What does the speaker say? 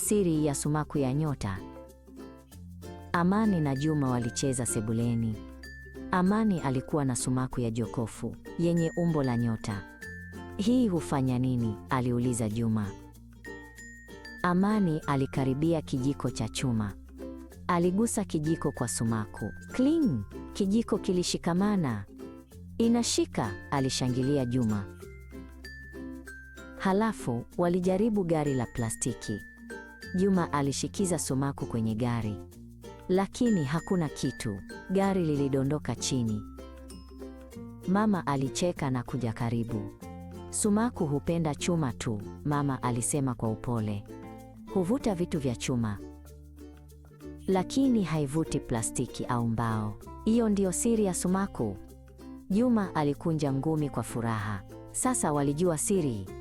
Siri ya sumaku ya nyota. Amani na Juma walicheza sebuleni. Amani alikuwa na sumaku ya jokofu yenye umbo la nyota. Hii hufanya nini? aliuliza Juma. Amani alikaribia kijiko cha chuma. Aligusa kijiko kwa sumaku. Kling! Kijiko kilishikamana. Inashika, alishangilia Juma. Halafu walijaribu gari la plastiki. Juma alishikiza sumaku kwenye gari, lakini hakuna kitu. Gari lilidondoka chini. Mama alicheka na kuja karibu. Sumaku hupenda chuma tu, mama alisema kwa upole. Huvuta vitu vya chuma, lakini haivuti plastiki au mbao. Hiyo ndiyo siri ya sumaku. Juma alikunja ngumi kwa furaha. Sasa walijua siri.